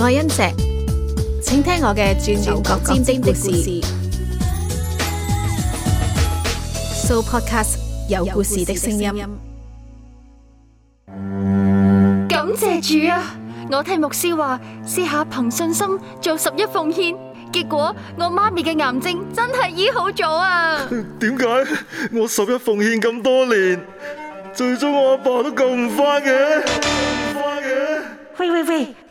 愛恩石，請聽我嘅轉轉角尖尖的故事。So podcast 有故事的聲音。感謝主啊！我聽牧師話，試下憑信心做十一奉獻，結果我媽咪嘅癌症真係醫好咗啊！點解我十一奉獻咁多年，最終我阿爸都救唔翻嘅？救唔翻嘅？喂喂喂！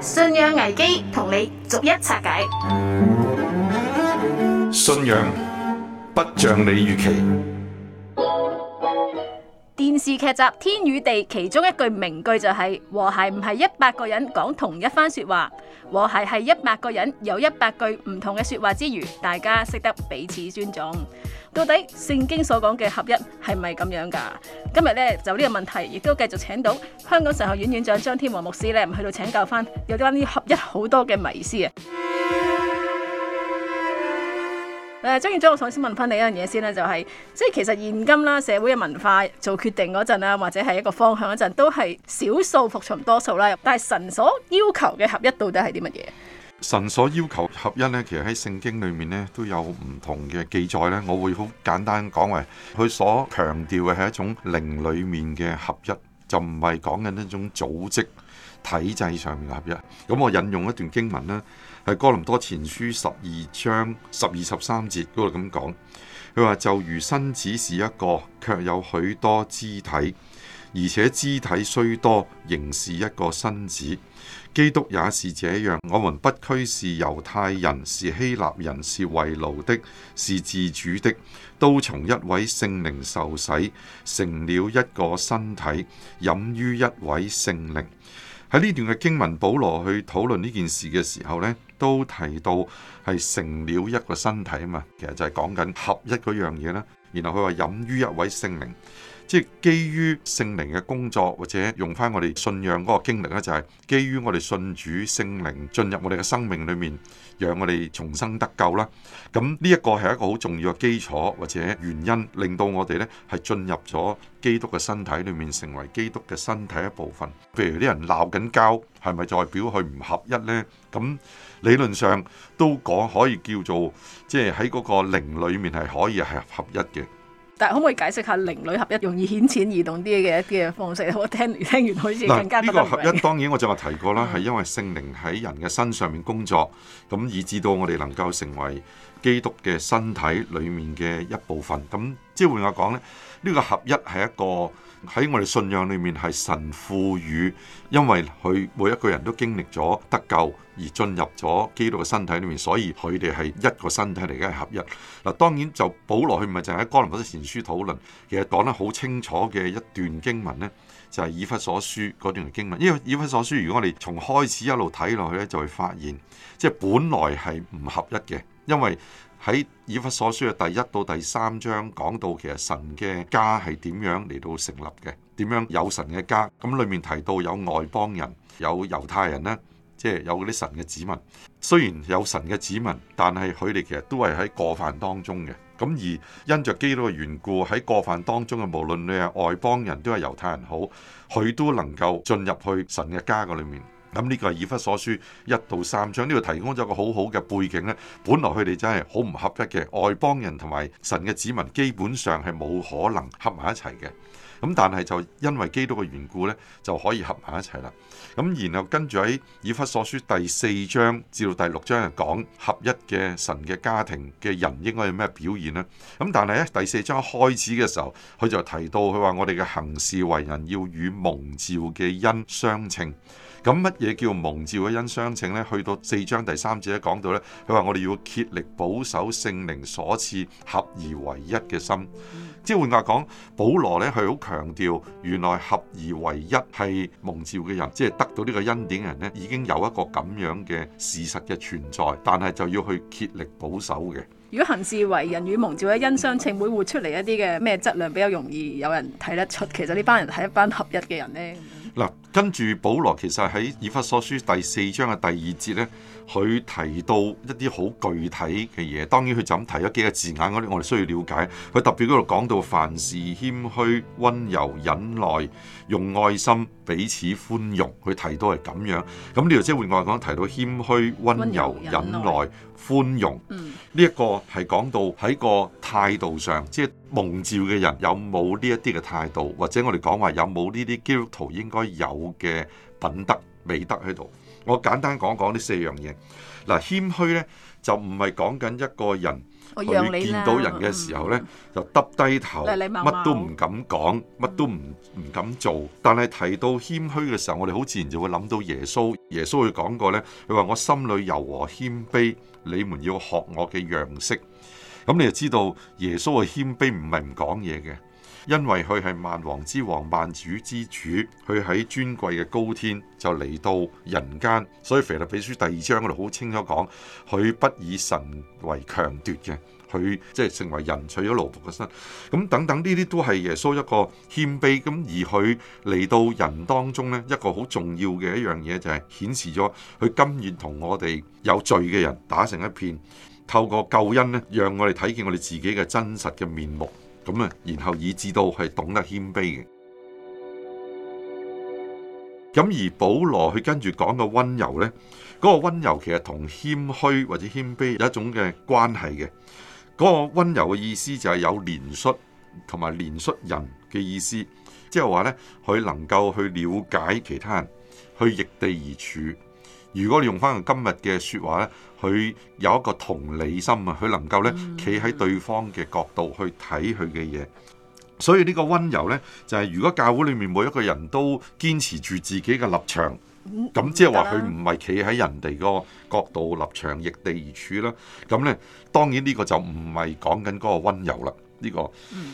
信仰危機，同你逐一拆解。信仰，不像你預期。電視劇集《天與地》其中一句名句就係、是、和諧唔係一百個人講同一番說話，和諧係一百個人有一百句唔同嘅說話之餘，大家識得彼此尊重。到底聖經所講嘅合一係咪咁樣噶？今日咧就呢個問題亦都繼續請到香港神學院院長張天和牧師咧，去到請教返有啲關呢合一好多嘅迷思啊！誒張建忠，我首先問翻你一樣嘢先啦。就係、是、即係其實現今啦，社會嘅文化做決定嗰陣啊，或者係一個方向嗰陣，都係少數服從多數啦。但係神所要求嘅合一，到底係啲乜嘢？神所要求合一咧，其實喺聖經裏面咧都有唔同嘅記載咧。我會好簡單講話，佢所強調嘅係一種靈裏面嘅合一，就唔係講緊一種組織體制上面嘅合一。咁我引用一段經文啦。係哥林多前書十二章十二十三節嗰度咁講，佢話，就如身子是一個，卻有許多肢體，而且肢體雖多，仍是一個身子。基督也是這樣，我們不拘是猶太人，是希臘人，是為奴的，是自主的，都從一位聖靈受洗，成了一個身體，飲於一位聖靈。喺呢段嘅經文，保羅去討論呢件事嘅時候呢。都提到係成了一個身體啊嘛，其實就係講緊合一嗰樣嘢啦。然後佢話飲於一位聖靈，即係基於聖靈嘅工作，或者用翻我哋信仰嗰個經歷咧，就係基於我哋信主聖靈進入我哋嘅生命裏面。讓我哋重生得救啦，咁呢一個係一個好重要嘅基礎或者原因，令到我哋呢係進入咗基督嘅身體裏面，成為基督嘅身體一部分。譬如啲人鬧緊交，係咪代表佢唔合一呢？咁理論上都講可以叫做，即係喺嗰個靈裏面係可以係合一嘅。但係可唔可以解釋下靈女合一容易顯淺移動啲嘅一啲嘅方式？我聽聽完好似更加唔明。呢個合一當然我就話提過啦，係因為聖靈喺人嘅身上面工作，咁以至到我哋能夠成為基督嘅身體裏面嘅一部分。咁即係換我講咧。呢個合一係一個喺我哋信仰裏面係神賦予，因為佢每一個人都經歷咗得救而進入咗基督嘅身體裏面，所以佢哋係一個身體嚟嘅係合一。嗱，當然就保羅佢唔係淨係喺《就是、在哥林多前書》討論，其實講得好清楚嘅一段經文呢，就係、是《以弗所書》嗰段經文。因為《以弗所書》如果我哋從開始一路睇落去咧，就會發現即係本來係唔合一嘅，因為。喺以弗所書嘅第一到第三章講到其實神嘅家係點樣嚟到成立嘅，點樣有神嘅家？咁裡面提到有外邦人，有猶太人咧，即係有嗰啲神嘅子民。雖然有神嘅子民，但係佢哋其實都係喺過犯當中嘅。咁而因着基督嘅緣故，喺過犯當中嘅，無論你係外邦人都係猶太人好，好佢都能夠進入去神嘅家嘅裡面。咁呢個係以弗所書一到三章呢度提供咗個好好嘅背景呢。本來佢哋真係好唔合一嘅外邦人同埋神嘅子民，基本上係冇可能合埋一齊嘅。咁但係就因為基督嘅緣故呢，就可以合埋一齊啦。咁然後跟住喺以弗所書第四章至到第六章又講合一嘅神嘅家庭嘅人應該有咩表現呢？咁但係咧第四章開始嘅時候，佢就提到佢話：我哋嘅行事為人要與蒙召嘅恩相稱。咁乜嘢叫蒙召嘅恩相稱咧？去到四章第三節咧，講到呢，佢話我哋要竭力保守聖靈所賜合而為一嘅心。即係換句講，保羅呢係好強調，強調原來合而為一係蒙召嘅人，即、就、係、是、得到呢個恩典嘅人呢，已經有一個咁樣嘅事實嘅存在，但係就要去竭力保守嘅。如果行事為人與蒙召嘅恩相稱，會活出嚟一啲嘅咩質量，比較容易有人睇得出，其實呢班人係一班合一嘅人呢。嗱。跟住，保羅其實喺以弗所書第四章嘅第二節咧，佢提到一啲好具體嘅嘢。當然，佢就咁提咗幾個字眼嗰啲，我哋需要了解。佢特別嗰度講到凡事謙虛溫柔、忍耐，用愛心彼此寬容，佢提到係咁樣，咁呢度即係換外講換句話講提到謙虛溫柔、忍耐、忍耐寬容呢一、嗯、個係講到喺個態度上，即係蒙召嘅人有冇呢一啲嘅態度，或者我哋講話有冇呢啲基督徒應該有，嘅品德美德喺度，我簡單講講呢四樣嘢。嗱，謙虛咧就唔係講緊一個人見到人嘅時候咧，就耷低頭，乜都唔敢講，乜都唔唔敢做。但係提到謙虛嘅時候，我哋好自然就會諗到耶穌。耶穌佢講過咧，佢話我心裏柔和謙卑，你們要學我嘅樣式。咁你就知道耶穌嘅謙卑唔係唔講嘢嘅。因為佢係萬王之王、萬主之主，佢喺尊貴嘅高天就嚟到人間，所以腓立比書第二章我哋好清楚講，佢不以神為強奪嘅，佢即係成為人，取咗奴僕嘅身，咁等等呢啲都係耶穌一個謙卑，咁而佢嚟到人當中呢，一個好重要嘅一樣嘢就係顯示咗佢甘願同我哋有罪嘅人打成一片，透過救恩呢，讓我哋睇見我哋自己嘅真實嘅面目。咁啊，然後以至到係懂得謙卑嘅。咁而保羅佢跟住講嘅温柔呢，嗰個温柔其實同謙虛或者謙卑有一種嘅關係嘅。嗰個温柔嘅意思就係有憐恤同埋憐恤人嘅意思，即係話呢，佢能夠去了解其他人，去逆地而處。如果你用翻今日嘅說話咧，佢有一個同理心啊，佢能夠咧企喺對方嘅角度、嗯、去睇佢嘅嘢，所以呢個温柔呢，就係、是、如果教會裡面每一個人都堅持住自己嘅立場，咁即係話佢唔係企喺人哋個角度立場逆地而處啦，咁呢，當然呢個就唔係講緊嗰個温柔啦。呢個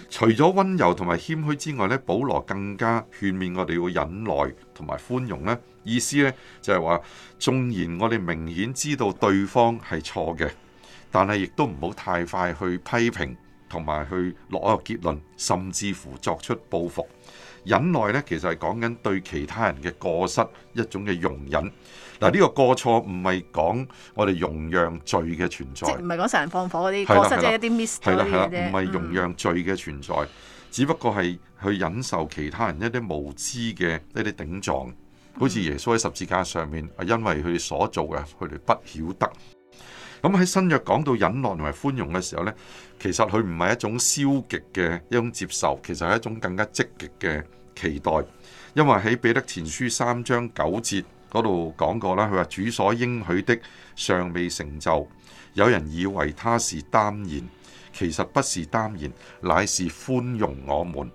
除咗温柔同埋謙虛之外咧，保羅更加勸勉我哋要忍耐同埋寬容呢，意思呢就係話，縱然我哋明顯知道對方係錯嘅，但係亦都唔好太快去批評同埋去落一個結論，甚至乎作出報復。忍耐呢，其實係講緊對其他人嘅過失一種嘅容忍。嗱，呢個過錯唔係講我哋容讓罪嘅存在，唔係講成人放火嗰啲過失，即係一啲 mistake 嗰啲嘅啫。唔係容讓罪嘅存在，只不過係去忍受其他人一啲無知嘅一啲頂撞。好似耶穌喺十字架上面，係、嗯、因為佢哋所做嘅，佢哋不曉得。咁喺新約講到忍耐同埋寬容嘅時候咧，其實佢唔係一種消極嘅一種接受，其實係一種更加積極嘅期待。因為喺彼得前書三章九節。嗰度講過啦，佢話，主所應許的尚未成就，有人以為他是耽延，其實不是耽延，乃是寬容我們，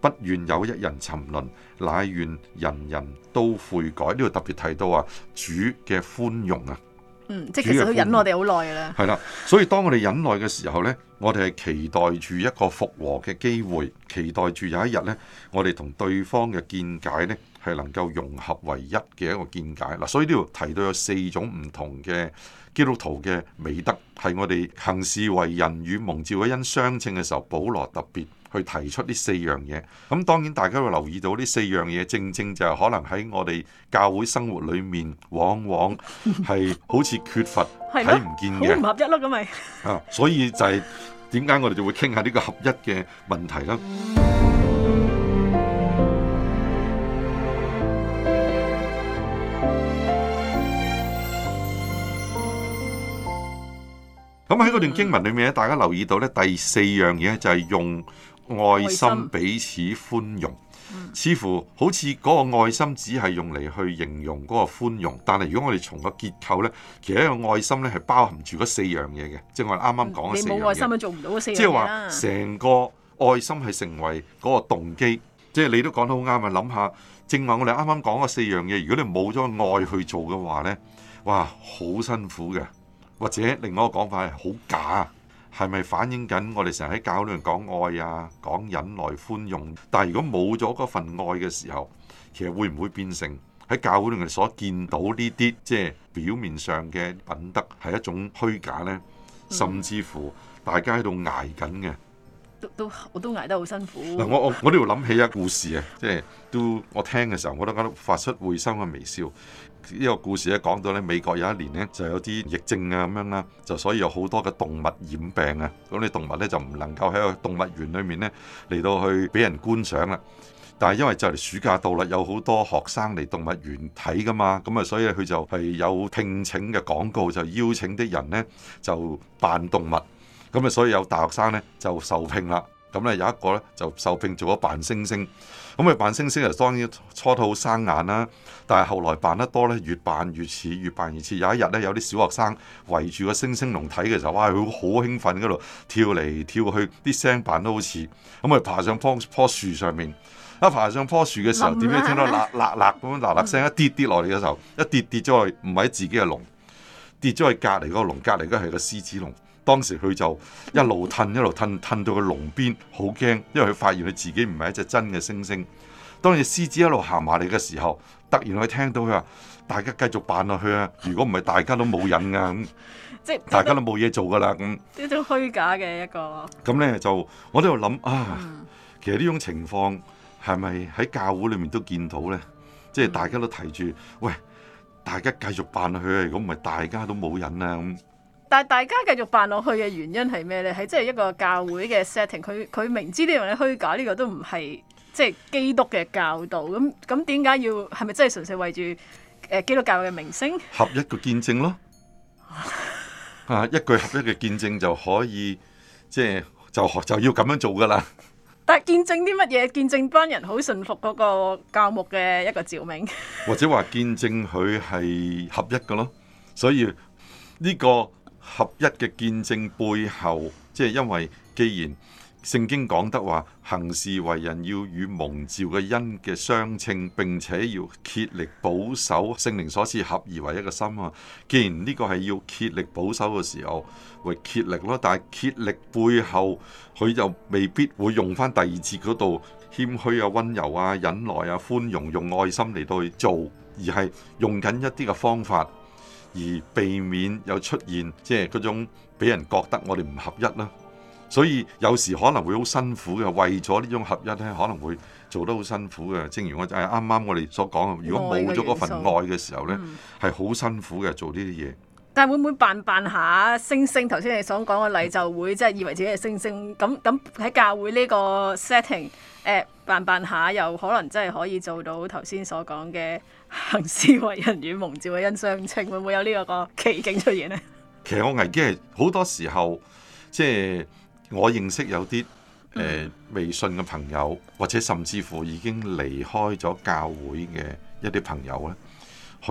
不願有一人沉淪，乃願人人都悔改。呢度特別提到啊，主嘅寬容啊，嗯，即係其實佢忍耐我哋好耐啦，係啦，所以當我哋忍耐嘅時候呢，我哋係期待住一個復和嘅機會，期待住有一日呢，我哋同對，對方嘅見解呢。係能夠融合為一嘅一個見解嗱，所以呢度提到有四種唔同嘅基督徒嘅美德，係我哋行事為人與蒙召嘅恩相稱嘅時候，保羅特別去提出呢四樣嘢。咁當然大家會留意到呢四樣嘢，正正就係可能喺我哋教會生活裏面，往往係好似缺乏睇唔見嘅，合一咯，咁咪啊，所以就係點解我哋就會傾下呢個合一嘅問題啦。咁喺段經文裏面咧，大家留意到咧，第四樣嘢就係用愛心彼此寬容，似乎好似嗰個愛心只係用嚟去形容嗰個寬容。但係如果我哋從個結構咧，其實一個愛心咧係包含住嗰四樣嘢嘅，即係我啱啱講嘅四樣嘢。冇愛心就做唔到嘅四樣嘢啦。即係話成個愛心係成為嗰個動機，即係你都講得好啱啊！諗下，正話我哋啱啱講嘅四樣嘢，如果你冇咗愛去做嘅話咧，哇，好辛苦嘅。或者另外一個講法係好假啊，係咪反映緊我哋成日喺教會度講愛啊，講忍耐寬容？但係如果冇咗嗰份愛嘅時候，其實會唔會變成喺教會度人所見到呢啲即係表面上嘅品德係一種虛假呢？甚至乎大家喺度捱緊嘅，都都我都捱得好辛苦。嗱，我我都要諗起一個故事啊，即係都我聽嘅時候，我都覺得發出會心嘅微笑。呢個故事咧，講到咧，美國有一年咧，就有啲疫症啊咁樣啦，就所以有好多嘅動物染病啊，咁啲動物咧，就唔能夠喺個動物園裏面咧，嚟到去俾人觀賞啦。但係因為就嚟暑假到啦，有好多學生嚟動物園睇㗎嘛，咁啊所以佢就係有聘請嘅廣告，就邀請啲人咧，就扮動物，咁啊所以有大學生咧，就受聘啦。咁咧有一個咧就受聘做咗扮猩猩，咁佢扮猩猩啊當然初頭好生眼啦，但係後來扮得多咧，越扮越似，越扮越似。有一日咧，有啲小學生圍住個猩猩籠睇嘅時候，哇！佢好興奮喺度跳嚟跳去，啲聲扮得好似，咁佢爬上棵棵樹上面，一爬上棵樹嘅時候，點知聽到嗱嗱嗱咁嗱嗱聲，一跌跌落嚟嘅時候，一跌跌咗去唔係自己嘅籠，跌咗去隔離嗰個籠，隔離嗰係個獅子籠。當時佢就一路褪，一路褪，褪到個籠邊，好驚，因為佢發現佢自己唔係一隻真嘅猩猩。當隻獅子一路行埋嚟嘅時候，突然佢聽到佢話：大家繼續扮落去啊！如果唔係，大家都冇癮噶， 即係大家都冇嘢做噶啦咁。呢種虛假嘅一個咁咧，就我喺度諗啊，其實呢種情況係咪喺教會裏面都見到咧？即係大家都提住喂，大家繼續扮落去啊！如果唔係，大家都冇癮啊咁。但係大家繼續辦落去嘅原因係咩咧？係即係一個教會嘅 setting，佢佢明知呢樣嘢虛假呢、這個都唔係即係基督嘅教導，咁咁點解要？係咪真係純粹為住誒基督教嘅名聲合一嘅見證咯？啊， 一句合一嘅見證就可以，即係就是、就，就要咁樣做噶啦。但係見證啲乜嘢？見證班人好信服嗰個教牧嘅一個召命， 或者話見證佢係合一嘅咯。所以呢、這個。合一嘅見證背後，即係因為既然聖經講得話，行事為人要與蒙召嘅恩嘅相稱，並且要竭力保守聖靈所賜合而為一嘅心啊！既然呢個係要竭力保守嘅時候，會竭力咯。但係竭力背後，佢又未必會用翻第二節嗰度謙虛啊、溫柔啊、忍耐啊、寬容，用愛心嚟到去做，而係用緊一啲嘅方法。而避免有出現，即係嗰種俾人覺得我哋唔合一啦，所以有時可能會好辛苦嘅，為咗呢種合一咧，可能會做得好辛苦嘅。正如我哋啱啱我哋所講，如果冇咗嗰份愛嘅時候咧，係好、嗯、辛苦嘅做呢啲嘢。但會唔會扮扮下星星？頭先你所講嘅例就會即係以為自己係星星咁咁喺教會呢個 setting。誒，扮扮下又可能真係可以做到頭先所講嘅行事為人與蒙召嘅恩相稱，會唔會有呢個個奇景出現呢？其實我危機係好多時候，即係我認識有啲誒未信嘅朋友，或者甚至乎已經離開咗教會嘅一啲朋友咧，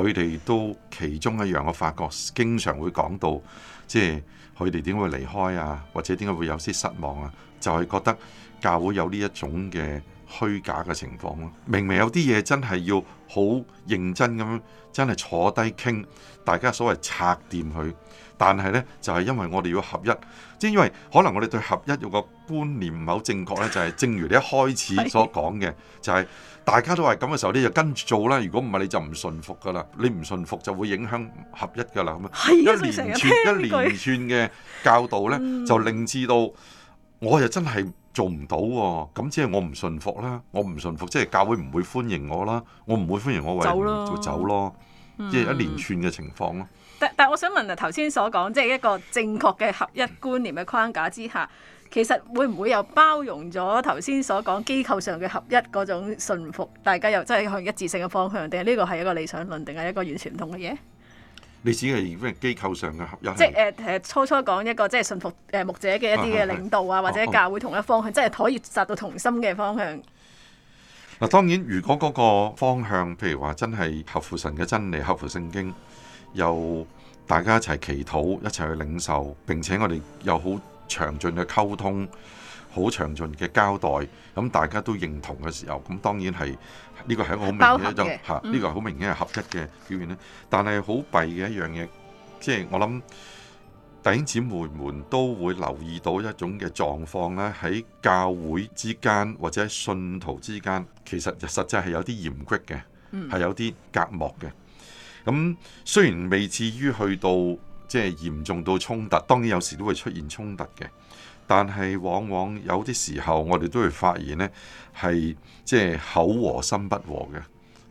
佢哋都其中一樣，我發覺經常會講到，即係佢哋點會離開啊，或者點解會有啲失望啊，就係覺得。教會有呢一種嘅虛假嘅情況咯，明明有啲嘢真係要好認真咁樣，真係坐低傾，大家所謂拆掂佢。但係呢，就係因為我哋要合一，即係因為可能我哋對合一有個觀念唔係好正確呢，就係正如你一開始所講嘅，就係大家都話咁嘅時候，你就跟住做啦。如果唔係，你就唔順服噶啦，你唔順服就會影響合一噶啦。咁樣，一連串一連串嘅教導呢，就令至到，我又真係。做唔到喎，咁即係我唔信服啦，我唔信服，即係教會唔會歡迎我啦，我唔會歡迎我，我為咗走啦，走咯，即係，嗯，一連串嘅情況咯。但但我想問啊，頭先所講即係一個正確嘅合一觀念嘅框架之下，其實會唔會又包容咗頭先所講機構上嘅合一嗰種信服？大家又真係向一致性嘅方向，定係呢個係一個理想論，定係一個完全唔同嘅嘢？你只係咩機構上嘅合一？即係誒誒，初初講一個即係信服誒牧者嘅一啲嘅領導啊，或者教會同一方向，即係可以達到同心嘅方向。嗱，當然，如果嗰個方向譬如話真係合乎神嘅真理、合乎聖經，又大家一齊祈禱、一齊去領受，並且我哋又好詳盡嘅溝通、好詳盡嘅交代，咁大家都認同嘅時候，咁當然係。呢個係好明顯嘅，嚇！呢個係好明顯係合一嘅表現咧。嗯、但係好弊嘅一樣嘢，即係我諗弟兄姊妹們都會留意到一種嘅狀況咧，喺教會之間或者喺信徒之間，其實實際係有啲嚴峻嘅，係有啲隔膜嘅。咁雖然未至於去到即係嚴重到衝突，當然有時都會出現衝突嘅。但係往往有啲時候，我哋都會發現呢係即係口和心不和嘅，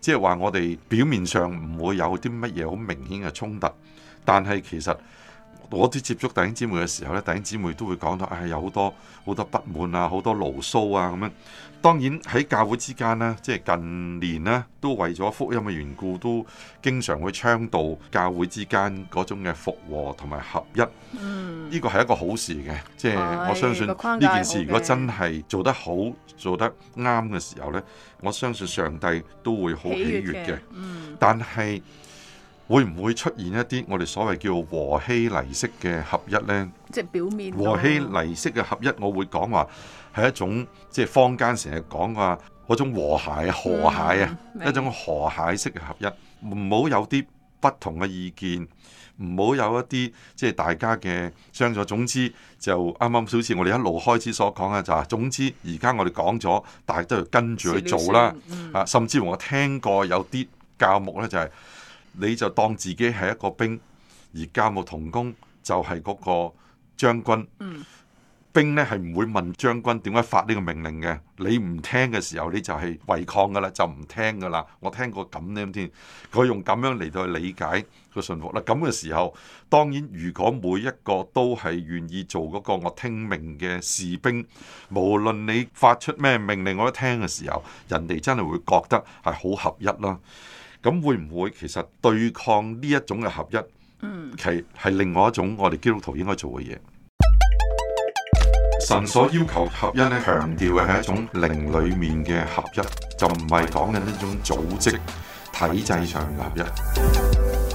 即係話我哋表面上唔會有啲乜嘢好明顯嘅衝突，但係其實。我啲接觸弟兄姊妹嘅時候咧，弟兄姊妹都會講到唉，有好多好多不滿啊，好多牢騷啊咁樣。當然喺教會之間呢、啊，即係近年呢、啊，都為咗福音嘅緣故，都經常會倡導教會之間嗰種嘅復和同埋合一。呢個係一個好事嘅，即係我相信呢件事如果真係做得好、做得啱嘅時候呢，我相信上帝都會好喜悅嘅。喜悅嗯、但係。會唔會出現一啲我哋所謂叫和稀泥式嘅合一呢？即係表面和稀泥式嘅合一，我會講話係一種即係坊間成日講話嗰種和諧啊、和諧啊，嗯、一種和諧式嘅合一，唔好有啲不同嘅意見，唔好有一啲即係大家嘅傷咗。總之就啱啱少少，我哋一路開始所講嘅就係總之而家我哋講咗，大家都要跟住去做啦。啊，嗯、甚至乎我聽過有啲教牧呢，就係、是。你就當自己係一個兵，而家冇同工就係嗰個將軍。嗯，兵呢係唔會問將軍點解發呢個命令嘅。你唔聽嘅時候，你就係違抗噶啦，就唔聽噶啦。我聽過咁啲咁，佢用咁樣嚟到去理解個信服啦。咁嘅時候，當然如果每一個都係願意做嗰個我聽命嘅士兵，無論你發出咩命令，我一聽嘅時候，人哋真係會覺得係好合一啦。咁會唔會其實對抗呢一種嘅合一，其係另外一種我哋基督徒應該做嘅嘢。神所要求合一咧，強調嘅係一種靈裡面嘅合一，就唔係講緊呢種組織體制上嘅合一。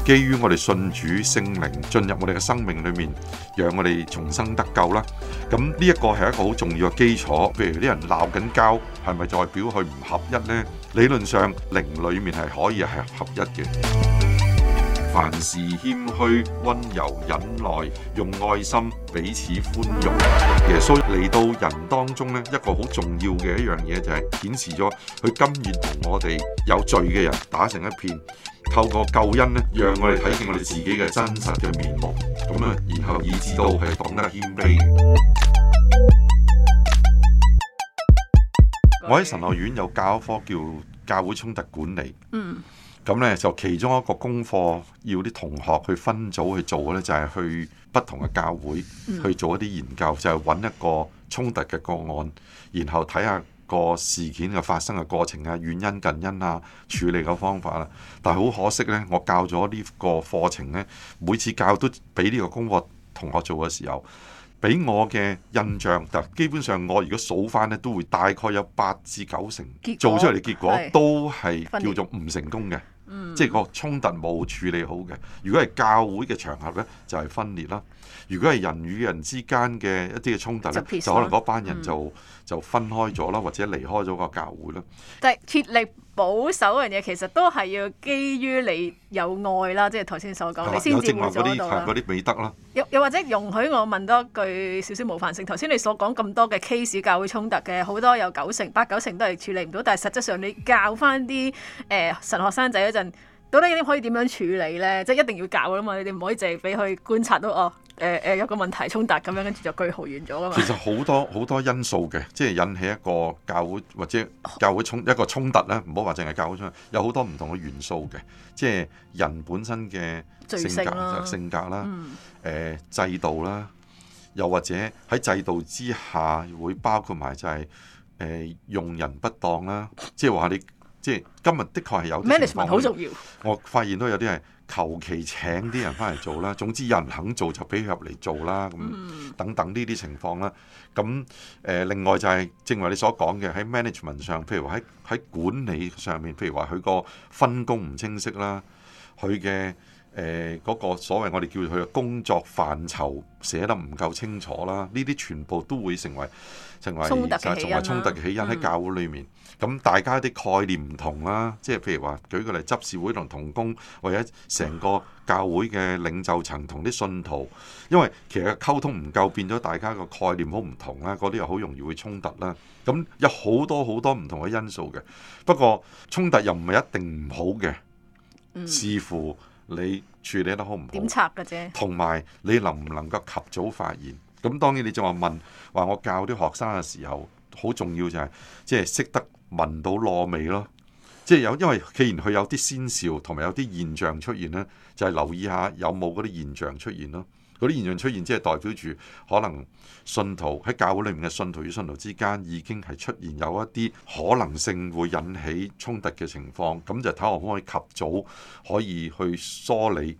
基於我哋信主聖靈進入我哋嘅生命裏面，讓我哋重生得救啦。咁呢一個係一個好重要嘅基礎。譬如啲人鬧緊交，係咪代表佢唔合一呢？理論上靈裏面係可以係合一嘅。凡事謙虛、溫柔、忍耐，用愛心彼此寬容。耶穌嚟到人當中咧，一個好重要嘅一樣嘢就係、是、顯示咗佢甘願同我哋有罪嘅人打成一片，透過救恩咧，讓我哋睇見我哋自己嘅真實嘅面目。咁啊，然後以致到係懂得謙卑。嗯、我喺神學院有教科叫《教會衝突管理》。嗯。咁咧就其中一個功課，要啲同學去分組去做嘅咧，就係去不同嘅教會去做一啲研究，就係揾一個衝突嘅個案，然後睇下個事件嘅發生嘅過程啊、原因、近因啊、處理嘅方法啊。但係好可惜咧，我教咗呢個課程咧，每次教都俾呢個功課同學做嘅時候，俾我嘅印象嗱，基本上我如果數翻咧，都會大概有八至九成做出嚟嘅結果都係叫做唔成功嘅。嗯、即係個衝突冇處理好嘅。如果係教會嘅場合咧，就係、是、分裂啦；如果係人與人之間嘅一啲嘅衝突咧，就，peace 就可能嗰班人就、嗯、就分開咗啦，或者離開咗個教會啦。就係保守嘅嘢其實都係要基於你有愛啦，即係頭先所講，你先至化咗到啦。嗰啲美德啦。又又或者容許我問多句少少冒犯性，頭先你所講咁多嘅 case 教會衝突嘅好多有九成八九成都係處理唔到，但係實際上你教翻啲誒神學生仔嗰陣，到底可以點樣處理咧？即係一定要教啦嘛，你哋唔可以淨係俾佢觀察到哦。誒、誒，有個問題衝突咁樣，跟住就句號完咗噶嘛。其實好多好多因素嘅，即係引起一個教會或者教會衝一個衝突咧，唔好話淨係教會衝突，有好多唔同嘅元素嘅，即係人本身嘅性格、性格啦，誒、嗯呃、制度啦，又或者喺制度之下會包括埋就係、是、誒、呃、用人不當啦，即係話你即係今日的確係有 management 好重要，我發現都有啲係。求其請啲人返嚟做啦，總之有人肯做就俾佢入嚟做啦，咁等等呢啲情況啦。咁誒，另外就係正如你所講嘅，喺 management 上，譬如話喺喺管理上面，譬如話佢個分工唔清晰啦，佢嘅。誒，嗰、呃那個所謂我哋叫佢嘅工作範疇寫得唔夠清楚啦，呢啲全部都會成為成為衝突成為、啊、衝突嘅起因喺教會裏面。咁、嗯嗯、大家啲概念唔同啦、啊，即係譬如話，舉個例，執事會同同工，或者成個教會嘅領袖層同啲信徒，嗯、因為其實溝通唔夠，變咗大家個概念好唔同啦，嗰啲又好容易會衝突啦、啊。咁有好多好多唔同嘅因素嘅，不過衝突又唔係一定唔好嘅，視、嗯、乎。你處理得好唔好？同埋你能唔能夠及早發現？咁當然你就話問話，我教啲學生嘅時候，好重要就係即係識得聞到臊味咯。即係有因為既然佢有啲先兆，同埋有啲現象出現咧，就係留意下有冇嗰啲現象出現咯。嗰啲現象出現，即係代表住可能信徒喺教會裏面嘅信徒與信徒之間已經係出現有一啲可能性會引起衝突嘅情況，咁就睇我可唔可以及早可以去梳理、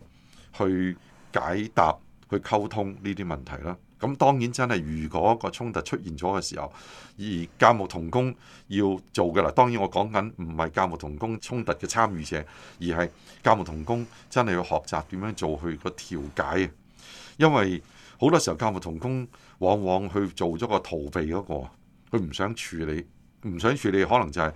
去解答、去溝通呢啲問題啦。咁當然真係，如果個衝突出現咗嘅時候，而教牧同工要做嘅啦。當然我講緊唔係教牧同工衝突嘅參與者，而係教牧同工真係要學習點樣做佢個調解啊。因為好多時候教牧同工往往去做咗個逃避嗰個，佢唔想處理，唔想處理，可能就係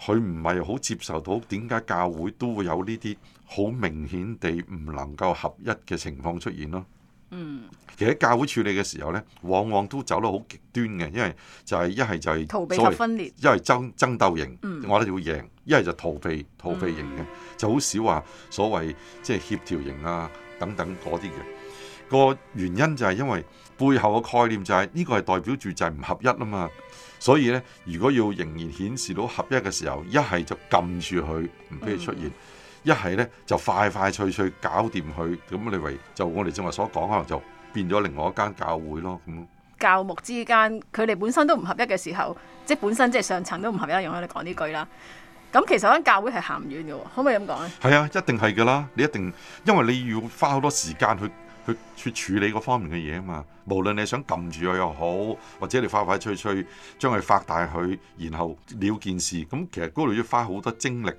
佢唔係好接受到點解教會都會有呢啲好明顯地唔能夠合一嘅情況出現咯。嗯，其實喺教會處理嘅時候咧，往往都走得好極端嘅，因為就係一係就係逃避就分裂，一係爭爭鬥型，我覺得要贏，一係就逃避逃避型嘅，嗯、就好少話所謂即係協調型啊等等嗰啲嘅。個原因就係因為背後嘅概念就係呢個係代表住就係唔合一吖嘛，所以呢，如果要仍然顯示到合一嘅時候，一係就撳住佢唔俾佢出現，一係呢，就快快脆脆搞掂佢，咁你為就我哋正話所講可能就變咗另外一間教會咯咁。教牧之間佢哋本身都唔合一嘅時候，即係本身即係上層都唔合一，容許你講呢句啦。咁其實嗰間教會係行唔遠嘅喎，可唔可以咁講咧？係啊，一定係㗎啦，你一定因為你要花好多時間去。去處理嗰方面嘅嘢啊嘛，無論你想撳住佢又好，或者你快快脆脆將佢發大佢，然後了件事，咁其實嗰度要花好多精力。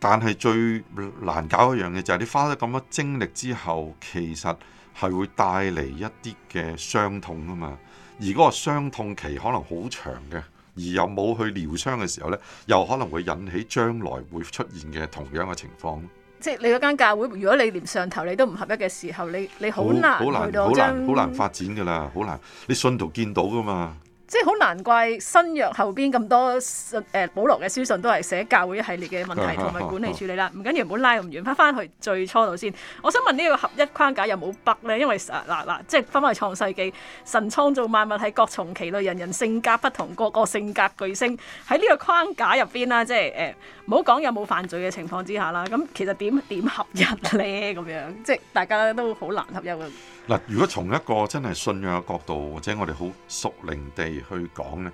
但係最難搞一樣嘅就係，你花咗咁多精力之後，其實係會帶嚟一啲嘅傷痛啊嘛。而嗰個傷痛期可能好長嘅，而又冇去療傷嘅時候呢，又可能會引起將來會出現嘅同樣嘅情況。即係你嗰間教會，如果你連上頭你都唔合一嘅時候你，你你好難好難好難發展㗎啦，好難。你信徒見到㗎嘛？即係好難怪新約後邊咁多誒保、呃、羅嘅書信都係寫教會一系列嘅問題同埋管理處理啦。唔緊要，唔、啊、好、啊啊、拉咁遠，翻翻去最初度先。我想問呢個合一框架有冇 bug 咧？因為嗱嗱、啊啊啊，即係翻翻去創世記，神創造萬物喺各從其類，人人性格不同，個個性格巨星喺呢個框架入邊啦，即係誒，唔好講有冇犯罪嘅情況之下啦。咁、啊、其實點點合一咧？咁樣即係大家都好難合一嘅。嗱，如果從一個真係信仰嘅角度，或者我哋好熟靈地。而去講呢，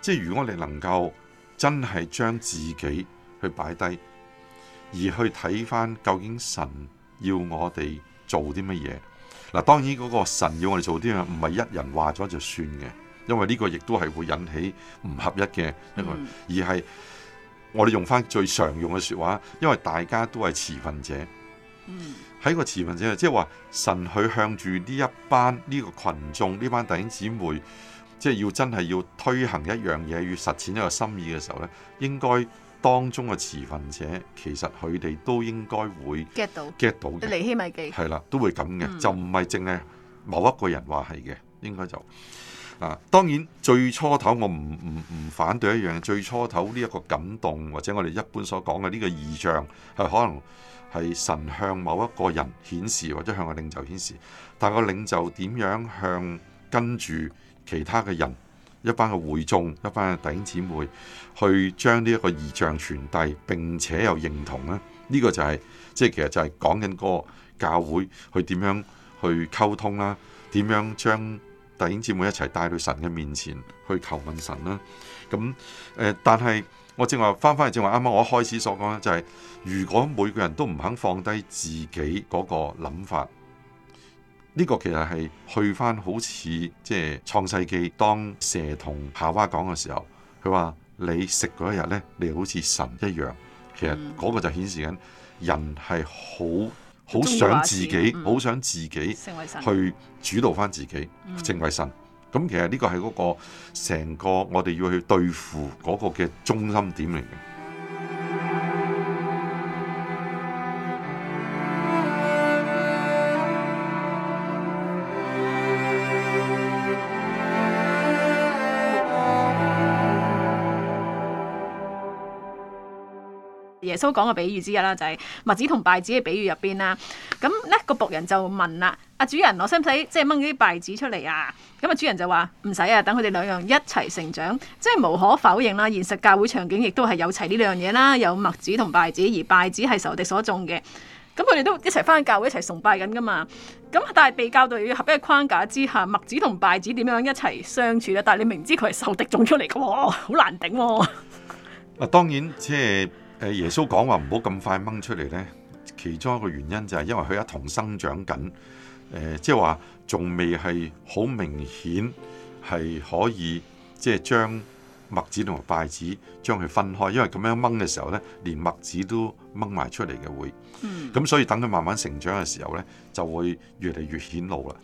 即係如果我哋能夠真係將自己去擺低，而去睇翻究竟神要我哋做啲乜嘢？嗱，當然嗰個神要我哋做啲嘢唔係一人話咗就算嘅，因為呢個亦都係會引起唔合一嘅一個，而係我哋用翻最常用嘅說話，因為大家都係持份者。喺個持份者，即係話神去向住呢一班呢、呢個群眾呢班弟兄姊妹。即係要真係要推行一樣嘢，要實踐一個心意嘅時候呢，應該當中嘅持份者其實佢哋都應該會 get 到 get 到嘅。尼希米記，係啦，都會咁嘅，嗯、就唔係淨係某一個人話係嘅，應該就啊，當然最初頭我唔唔唔反對一樣，最初頭呢一個感動或者我哋一般所講嘅呢個異象係可能係神向某一個人顯示或者向個領袖顯示，但個領袖點樣向跟住？其他嘅人一班嘅會眾，一班嘅弟兄姊妹去將呢一個異象傳遞並且又認同咧，呢個就係即係其實就係講緊個教會去點樣去溝通啦，點樣將弟兄姊妹一齊帶到神嘅面前去求問神啦。咁誒、呃，但係我正話翻翻嚟正話啱啱我一開始所講咧，就係如果每個人都唔肯放低自己嗰個諗法。呢個其實係去返好似即係創世記，當蛇同夏娃講嘅時候，佢話你食嗰一日呢，你好似神一樣。其實嗰個就顯示緊人係好好想自己，好想自己去主導返自己，成為神。咁其實呢個係嗰個成個我哋要去對付嗰個嘅中心點嚟嘅。耶穌講嘅比喻之一啦，就係、是、麥子同稗子嘅比喻入邊啦。咁呢、那個僕人就問啦，阿主人，我使唔使即係掹啲稗子出嚟啊？咁啊，主人就話唔使啊，等佢哋兩樣一齊成長。即係無可否認啦，現實教會場景亦都係有齊呢兩樣嘢啦，有麥子同稗子，而稗子係仇敵所種嘅。咁佢哋都一齊返去教會，一齊崇拜緊噶嘛。咁但係被教導於合一嘅框架之下，麥子同稗子點樣一齊相處咧？但係你明知佢係仇敵種出嚟嘅喎，好難頂喎、啊。嗱、啊，當然即係。誒耶穌講話唔好咁快掹出嚟呢，其中一個原因就係因為佢一同生長緊，即係話仲未係好明顯係可以即係將麥子同埋稗子將佢分開，因為咁樣掹嘅時候呢，連麥子都掹埋出嚟嘅會，咁所以等佢慢慢成長嘅時候呢，就會越嚟越顯露啦。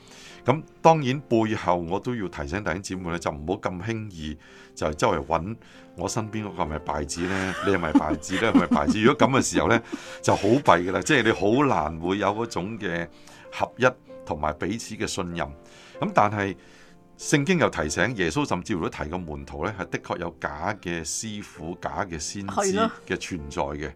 咁當然背後我都要提醒弟兄姐妹咧，就唔好咁輕易就係周圍揾我身邊嗰個係咪拜子咧？你係咪拜子咧？係咪拜子？ 如果咁嘅時候咧，就好弊㗎喇。即係你好難會有嗰種嘅合一同埋彼此嘅信任。咁但係聖經又提醒耶穌甚至乎都提個門徒咧，係的確有假嘅師傅、假嘅先知嘅存在嘅。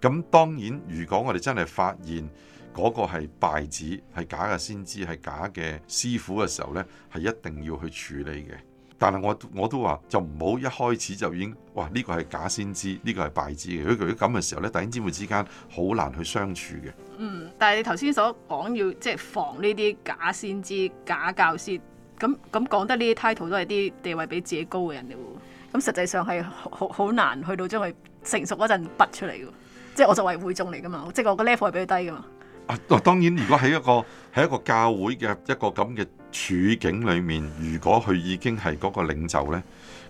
咁的當然，如果我哋真係發現，嗰個係敗子，係假嘅先知，係假嘅師傅嘅時候咧，係一定要去處理嘅。但係我我都話就唔好一開始就已經哇呢、這個係假先知，呢、這個係敗子嘅。如果佢咁嘅時候咧，突然之間好難去相處嘅。嗯，但係你頭先所講要即係、就是、防呢啲假先知、假教師，咁咁講得呢啲 title 都係啲地位比自己高嘅人嚟喎。咁實際上係好好，好難去到將佢成熟嗰陣拔出嚟嘅，即係我作為會眾嚟㗎嘛，即係我個 level 係比佢低㗎嘛。啊！當然，如果喺一個喺一個教會嘅一個咁嘅處境裏面，如果佢已經係嗰個領袖呢，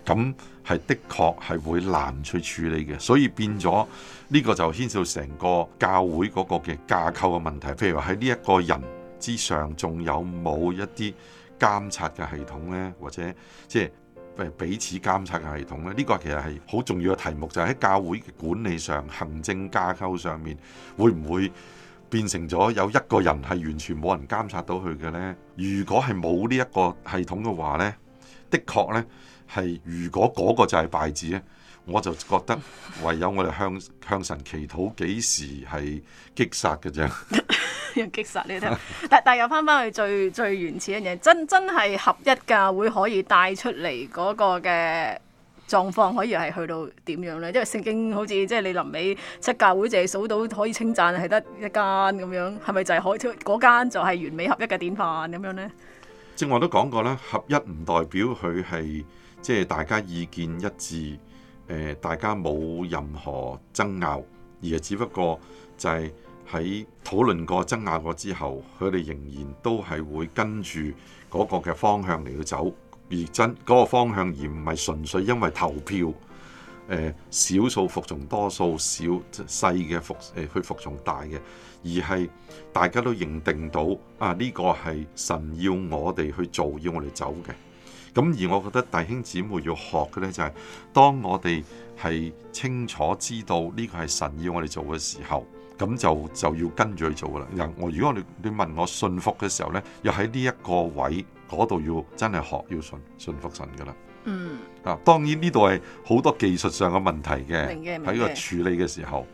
咁係的確係會難去處理嘅。所以變咗呢個就牽涉到成個教會嗰個嘅架構嘅問題。譬如話喺呢一個人之上，仲有冇一啲監察嘅系統呢？或者即係誒彼此監察嘅系統呢？呢、呢個其實係好重要嘅題目，就係、是、喺教會嘅管理上、行政架構上面，會唔會？變成咗有一個人係完全冇人監察到佢嘅呢。如果係冇呢一個系統嘅話呢，的確呢係如果嗰個就係敗智咧，我就覺得唯有我哋向向神祈禱幾時係擊殺嘅啫，要擊 殺你睇，但但又翻翻去最最原始一樣，真真係合一㗎，會可以帶出嚟嗰個嘅狀況可以係去到點樣呢？因為聖經好似即係你臨尾七教會，淨係數到可以稱讚係得一間咁樣，係咪就係可以嗰間就係完美合一嘅典範咁樣呢？正話都講過啦，合一唔代表佢係即係大家意見一致，誒，大家冇任何爭拗，而係只不過就係喺討論過爭拗過之後，佢哋仍然都係會跟住嗰個嘅方向嚟到走。而真嗰、那個方向，而唔係純粹因為投票，誒少數服從多數小細嘅服誒去、呃、服從大嘅，而係大家都認定到啊呢、這個係神要我哋去做，要我哋走嘅。咁而我覺得弟兄姊妹要學嘅咧，就係、是、當我哋係清楚知道呢個係神要我哋做嘅時候，咁就就要跟住去做噶啦。又我如果你你問我信服嘅時候咧，又喺呢一個位。嗰度要真係學要信信服神㗎喇。嗯。啊，當然呢度係好多技術上嘅問題嘅，喺個處理嘅時候。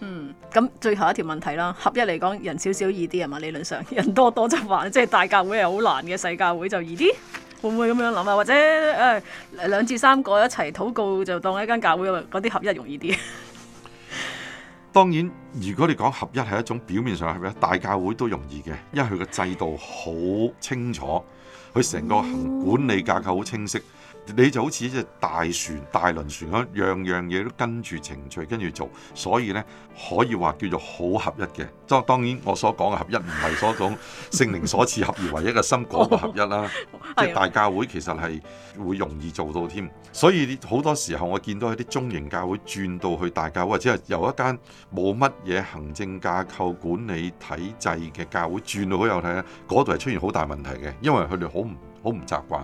嗯。咁最後一條問題啦，合一嚟講人少少易啲係咪？理論上人多多就煩，即係大教會係好難嘅，細教會就易啲。會唔會咁樣諗啊？或者誒、哎、兩至三個一齊禱告就當一間教會，嗰啲合一容易啲。當然，如果你講合一係一種表面上係咪大教會都容易嘅，因為佢個制度好清楚。佢成個行管理架構好清晰。你就好似一隻大船、大輪船咁，樣樣嘢都跟住程序跟住做，所以呢可以話叫做好合一嘅。就當然我所講嘅合一，唔係所講聖靈所賜合，合一為一嘅心嗰個合一啦。即大教會其實係會容易做到添。所以好多時候我見到一啲中型教會轉到去大教會，或者係由一間冇乜嘢行政架構、管理體制嘅教會轉到去有睇嗰度係出現好大問題嘅，因為佢哋好唔好唔習慣。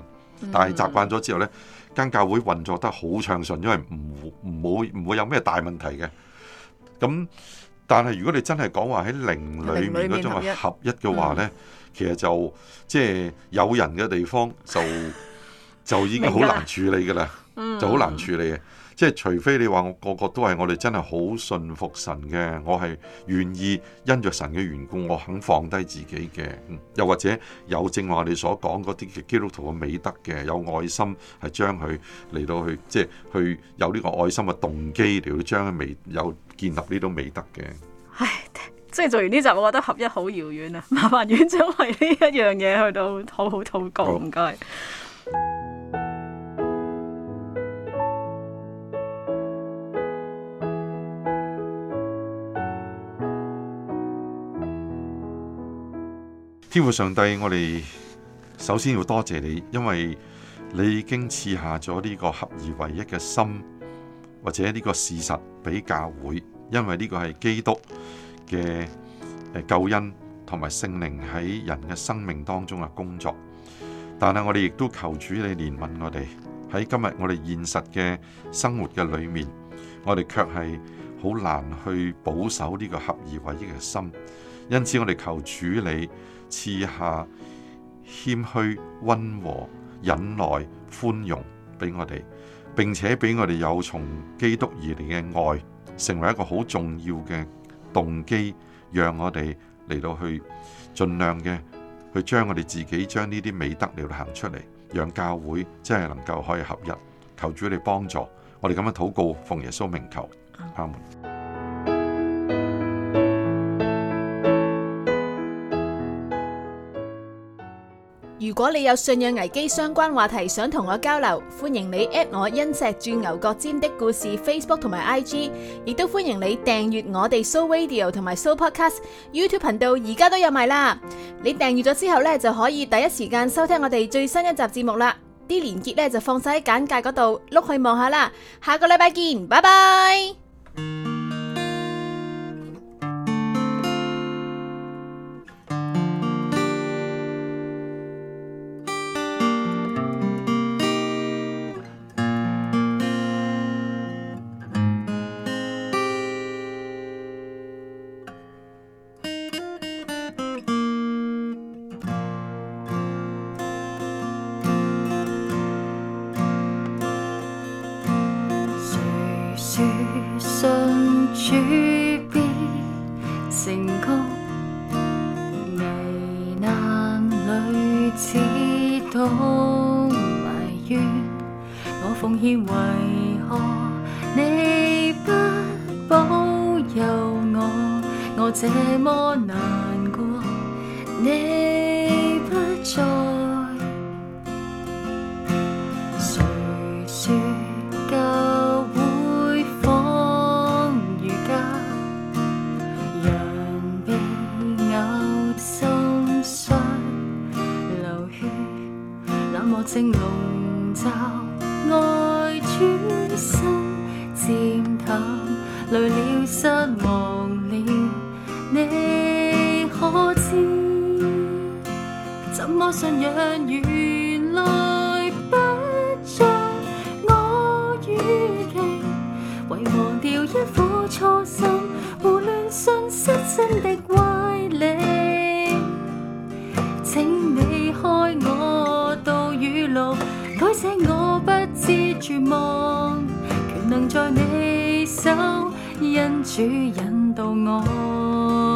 但係習慣咗之後呢，間教會運作得好暢順，因為唔唔會唔會有咩大問題嘅。咁，但係如果你真係講話喺靈裡面嗰種合一嘅話呢，嗯、其實就即係、就是、有人嘅地方就就已經好難處理㗎喇，嗯、就好難處理嘅。即係除非你話我個個都係我哋真係好信服神嘅，我係願意因着神嘅緣故，我肯放低自己嘅。又或者有正話你所講嗰啲基督徒嘅美德嘅，有愛心係將佢嚟到去，即係去有呢個愛心嘅動機，嚟到將佢未有建立呢種美德嘅。唉，即係做完呢集，我覺得合一好遙遠啊！麻煩院長為呢一樣嘢去到好好禱告，唔該好。天父上帝，我哋首先要多謝，謝你，因為你已經賜下咗呢個合而為一嘅心，或者呢個事實俾教會，因為呢個係基督嘅誒救恩，同埋聖靈喺人嘅生命當中嘅工作。但係我哋亦都求主你憐憫我哋，喺今日我哋現實嘅生活嘅裏面，我哋卻係好難去保守呢個合而為一嘅心。因此，我哋求主你賜下謙虛、溫和、忍耐、寬容俾我哋，並且俾我哋有從基督而來嘅愛，成為一個好重要嘅動機，讓我哋嚟到去盡量嘅去將我哋自己將呢啲美德嚟行出嚟，讓教會真係能夠可以合一。求主你幫助我哋咁樣禱告，奉耶穌名求，阿門。如果你有信仰危機相關話題想同我交流，歡迎你@我因石鑽牛角尖的故事 Facebook 同埋 IG，亦都歡迎你訂閱我哋 Show Radio 同埋 Show Podcast YouTube 頻道，而家都有埋啦。你訂閱咗之後呢，就可以第一時間收聽我哋最新一集節目啦。啲連結呢，就放晒喺簡介嗰度，碌去望下啦。下個禮拜見，拜拜。我信仰原來不像我預期，為忘掉一顆初心，胡亂信失真的歪理。請你開我道與路，改寫我不知絕望，權能在你手，因主引導我。